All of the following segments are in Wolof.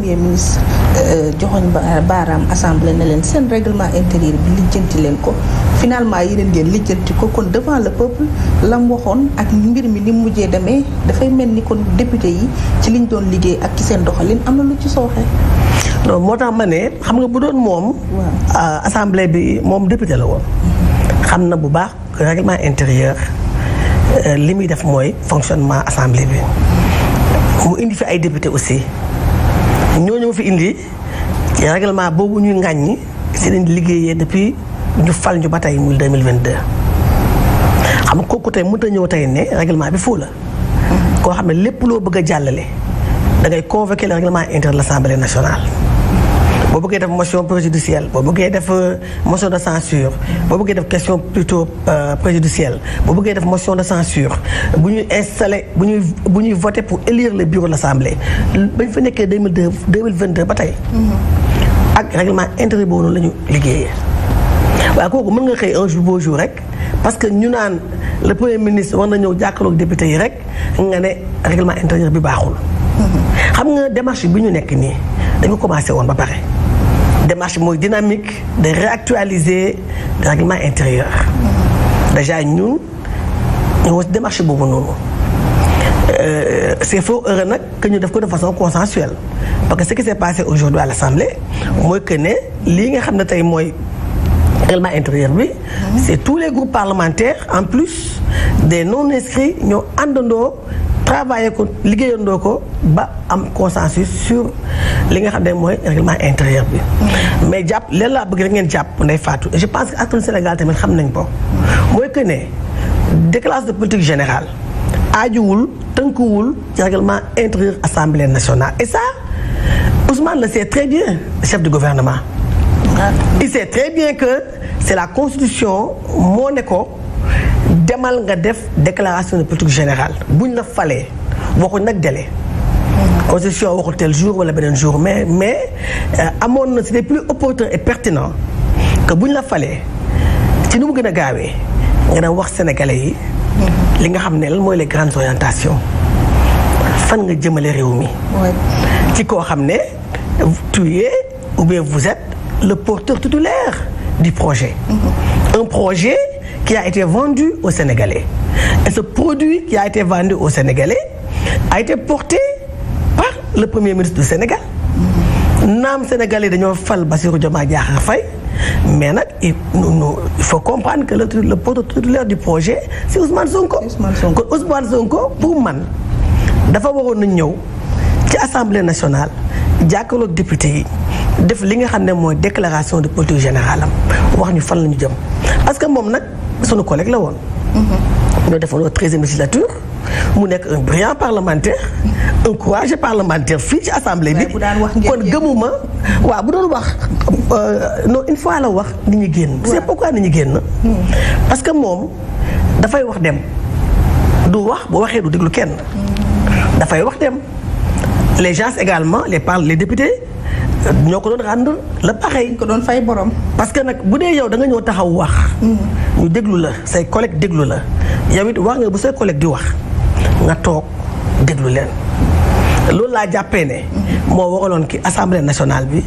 premier ministre euh, joxoñ euh, baaraam assemblée na leen seen règlement intérieur bi lijjanti leen ko finalement yeneen ngeen lijjanti ko kon devant le peuple lam waxoon ak mbir mi ni mujjee deme dafay mel ni kon député yi ci liñ doon liggéey ak ki seen doxalin am na lu ci sooxe. moo tax ma ne xam nga bu doon moom. Euh, assemblée bi moom député la woon. xam na bu baax règlement intérieur li muy def mooy fonctionnement assemblée bi mu indi fi ay député aussi. ñoo ñëw fi indi règlement boobu ñuy ŋàññi si lañ liggéeyee depuis ñu fal ñu ba tey muy 2022 xam nga kooku tey mënut a ñëw tey ne règlement bi foo la. koo xam ne lépp loo bëgg a jàllale da ngay convoquer le règlement intérieur de l'Assemblée nationale. boo bëggee def motion préjudicielle boo bëggee def euh, motion de censure boo bëggee def question plutôt euh, préjudicielle boo bëggee def motion de censure bu ñuy installé bu ñuy bu ñuy voté pour élire le bureau de l'assemblée bañ fa nekkee 2002 2022 ba tey mm-hmm. ak règlement intérieur boobu noonu la ñu liggéeyee waaye kooku mën nga xëy un jour beau jour rek parce que ñu naan le premier ministre war na ñëw jàkkaarloog député yi rek nga ne règlement intérieur bi baaxul mm-hmm. xam nga démarche bi ñu nekk nii dañu commencé woon ba pare démarche mooy dynamique de réactualiser le règlement intérieur déjà ñun ñu ngi si démarche boobu noonu euh, c'est faux heureux nag que ñu def ko de façon consensuelle parce que ce qui s'est passé aujourd'hui à l'Assemblée mooy que ne lii nga xam ne tey mooy règlement intérieur bi c'est tous les groupes parlementaires en plus des non inscrits ñoo àndandoo travailler ko liggéeyandoo ko ba am consensus sur li nga xam ne mooy règlement intérieur bi. mais jàpp leen laa bëgg rek ngeen jàpp nday faatu je pense que askanu Sénégal tamit xam nañ ko. mooy que ne déclaration de politique général aajuwul tënkuwul ci règlement intérieur assemblée nationale et ça Ousmane le sait très bien chef du gouvernement. Ah. il sait très bien que c'est la constitution moo ne ko. demal nga def déclaration de politique générale buñ la falee waxuñ nag délai. constitution waxul tel jour wala beneen jour mais mais euh, amoon na c'était plus opportun et pertinent que buñ la falee ci nu mu gën a gaawee nga dem wax sénégalais yi. li nga xam ne lan mooy les grandes orientations fan nga jëmale réew mi. ci koo xam ne tu es ou bien vous êtes le porteur titulaire du projet. Mm-hmm. un projet. qui a été vendu aux Sénégalais. Et ce produit qui a été vendu aux Sénégalais a été porté par le Premier ministre du Sénégal. naam Sénégalais dañoo fal Bassirou Diomaye Diakhar Faye mais nag il faut comprendre que le le protocolaire du projet c' est Ousmane Sonko. Ousmane Sonko pour man dafa waroon na ñëw ci assemblée nationale jàkkaarloog député yi. def li nga xam ne mooy déclaration de politique générale am wax ñu fan la ñu jëm parce que moom nag sunu collègue la woon. ñoo mm-hmm. defoon au treizième législature mu nekk un brillant parlementaire un courageux parlementaire fii ci assemblée bi kon gëmuma waaw bu doon wax euh, noo une fois la wax ni ñu génn c'est pourquoi ni ñu génn mm-hmm. parce que moom dafay wax dem du wax bu waxee du déglu kenn mm-hmm. dafay wax dem les gens également les parle les députés ñoo ko doon rendre la pareil. ko doon fay borom. parce que nag bu dee yow da ñëw taxaw wax. Mm. ñu déglu la say collègue déglu la yow it wax nga bu say collègue di wax nga toog déglu leen. loolu laa jàppee ne moo waxaloon ki assemblée nationale bi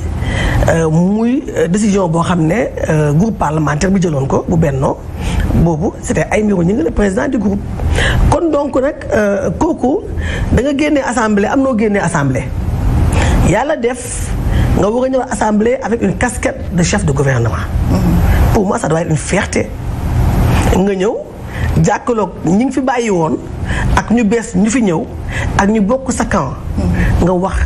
euh, muy euh, décision boo xam ne euh, groupe parlementaire bi jëloon ko bu bennoo boobu c'était ay miro ñu ngi le président du groupe kon donc nag kooku danga nga génnee assemblée am noo génnee assemblée yàlla def nga war a ñëw assemblée avec une casquette de chef de gouvernement. pour moi ça doit être une fierté. nga ñëw jàkkaloog ñi ngi fi bàyyi woon ak ñu bees ñu fi ñëw ak ñu bokk sa camp. nga wax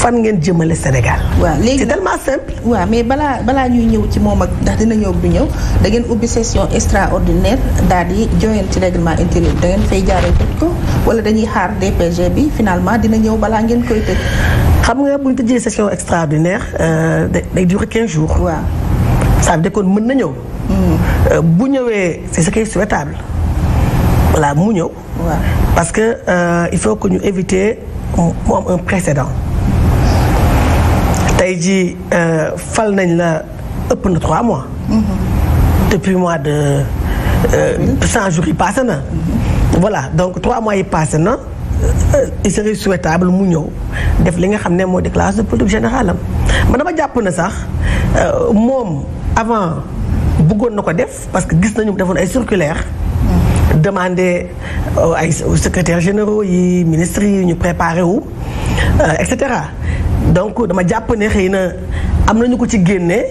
fan ngeen jëmale Sénégal. waaw léegi c'est tellement simple. waaw mais balaa balaa ñuy ñëw ci moom ak ndax dina ñëw du ñëw da ngeen ubbi session extraordinaire daal di joxe ci règlement intérieur da ngeen fay jaaree tëj ko wala dañuy xaar DPG bi finalement dina ñëw balaa ngeen koy tëj. xam nga bu ñu tëjee session extraordinaire euh, day durer 15 jours. waaw ça veut dire kon mën na ñëw. Mm. Euh, bu ñëwee c'est ce qui est souhaitable voilà mu ñëw. parce que euh, il faut que ñu éviter mu un précédent tey jii euh, fal nañ la ëpp na 3 mois. Mm-hmm. depuis mois de 100 jours yi passé na. Mm-hmm. voilà donc 3 mois yi passé na. Euh, il serait mu ñëw def li nga xam ne moo déclaration de politique générale am man dama jàpp na sax euh, moom avant buggoon na ko def parce que gis nañu defoon ay circulaire demandé euh, ay secrétaires généraux yi ministres yi ñu préparé wu et cetera donc dama jàpp ne xëy na am nañu ko ci génne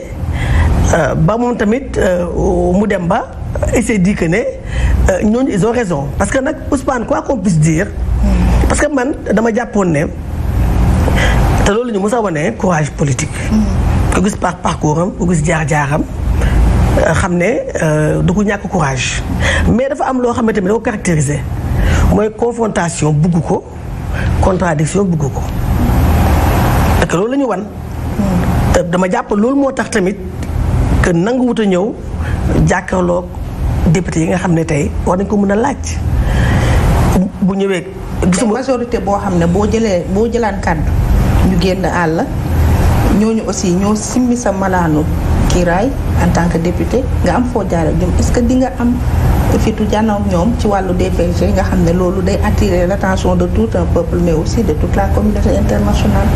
ba moom tamit mu dem ba il di dit que ne ñooñu ils ont raison parce que nag Ousmane quoi qu'on puisse dire parce que man dama jàppoon ne te loolu lañu mos a wane courage politique. ku gis par parcours am ku gis jaar-jaaram euh, xam ne euh, du ko ñàkk courage. mais dafa am loo xam ne tamit da mooy confrontation bugg ko contradiction bugg ko que loolu la wan. te dama jàpp loolu moo tax tamit que nanguwut ñëw jàkkaarloog député yi nga xam ne tey war nañ ko mën a laaj bu ñëwee. gisuma majorité boo xam ne boo jëlee boo jëlaan kàddu ñu génn àll ñooñu aussi ñoo simmi sa malaanu kiiraay en tant que député nga am foo jaare ñoom ce que di nga am fitu jànnaaw ñoom ci wàllu DPG nga xam ne loolu day attirer l'attention de tout un peuple mais aussi de toute la communauté internationale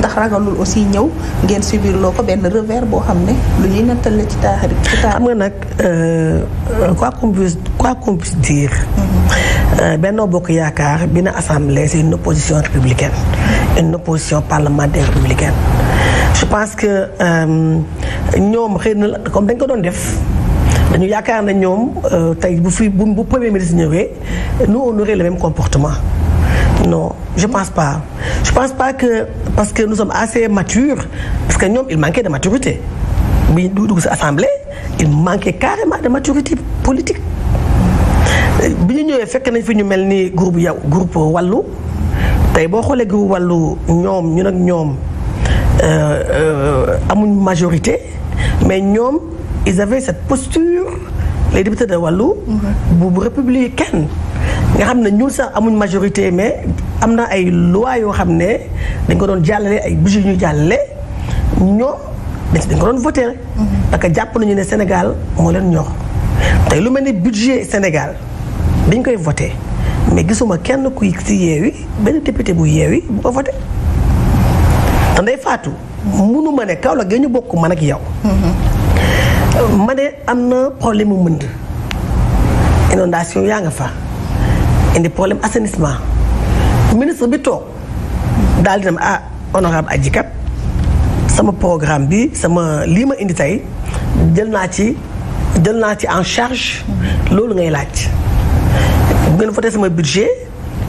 ndax ragalul aussi ñëw ngeen subir loo ko benn revers boo xam ne lu ñuy nattal la ci taaxari ci taaxari xam nga nag euh, quoi qu'on puisse quoi qu'on puisse dire mm-hmm. Euh, Benno Bokk Yaakaar bi na assemblée c'est une opposition républicaine une opposition parlementaire républicaine je pense que euh, ñoom xëy na comme dañ ko doon def dañu yaakaar na ñoom euh, tey bu fi bu premier ministre ñëwee nous on aurait même comportement non je pense pas je pense pas que parce que nous sommes assez matures parce que ñoom il manquait de maturité bi ñu dugg si assemblée il manquait carrément de maturité politique bi ñu ñëwee fekk nañ fi ñu mel ni groupe yow groupe wàllu tey boo xoolee groupe wàllu ñoom ñu ak ñoom euh, euh, amuñ majorité mais ñoom ils avaient cette posture de wàllu. bu bu républicaine nga xam ne ñun sax amuñ majorité mais am na ay loi yoo xam ne dañ ko doon jàllale ay budget yu ñu jàllale ñoom dañ ko doon voté. Mm-hmm. parce que jàpp nañu ne Sénégal moo leen ñor tey lu mel ni budget Sénégal. biñ koy voté mais gisuma kenn kuy ci yeewi benn député bu yeewi bu ko voté te ndey faatu munu ma ne Kaolack ga ñu bokk man ak yow. Mm-hmm. ma am na problème mu mënd inondation yaa nga fa indi problème assainissement ministre bi toog daal di dem ah honorable Adji Kat sama programme bi sama lii ma indi tey jël naa ci jël naa ci en charge mm-hmm. loolu ngay laaj. bu ngeen voté sama budget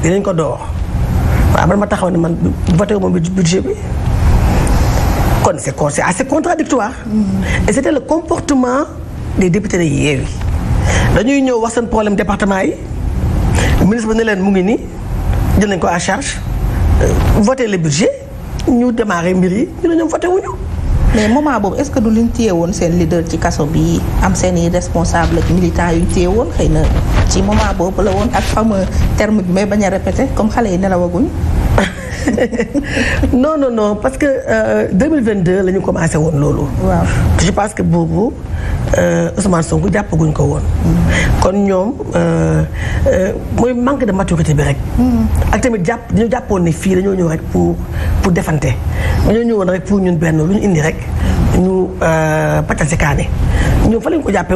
dinañ ko door waaw man ma taxaw ne man voté wu ma budget bi kon c'est c'est assez contradictoire mm. et c'était le comportement des députés yi Yewwi dañuy ñëw wax seen problème département yi ministre bi ne leen mu ngi nii jël nañ ko à charge euh, voté le budget ñu démarré mbir yi ñu ne ñoom voté wuñu mais moment boobu est-ce que du liñ téye woon seen leader ci kaso bi am seen i responsable ak militant yu téye woon xëy na ci moment boobu la woon ak fameux terme bi may bañ répété comme xale yi nelawaguñ non non no parce que 2022 euh, la ñu commencé woon loolu. waaw je pense que boobu. Euh, Ousmane Sonko jàppaguñ ko woon. kon ñoom euh, euh, mooy manque de maturité bi rek. ak tamit jàpp dañu jàppoon ne fii dañoo ñëw rek pour pour defante dañoo ñëwoon rek pour ñun benn lu ñu indi rek. ñu pàccal si kaane ñoom fa lañ ko jàppee.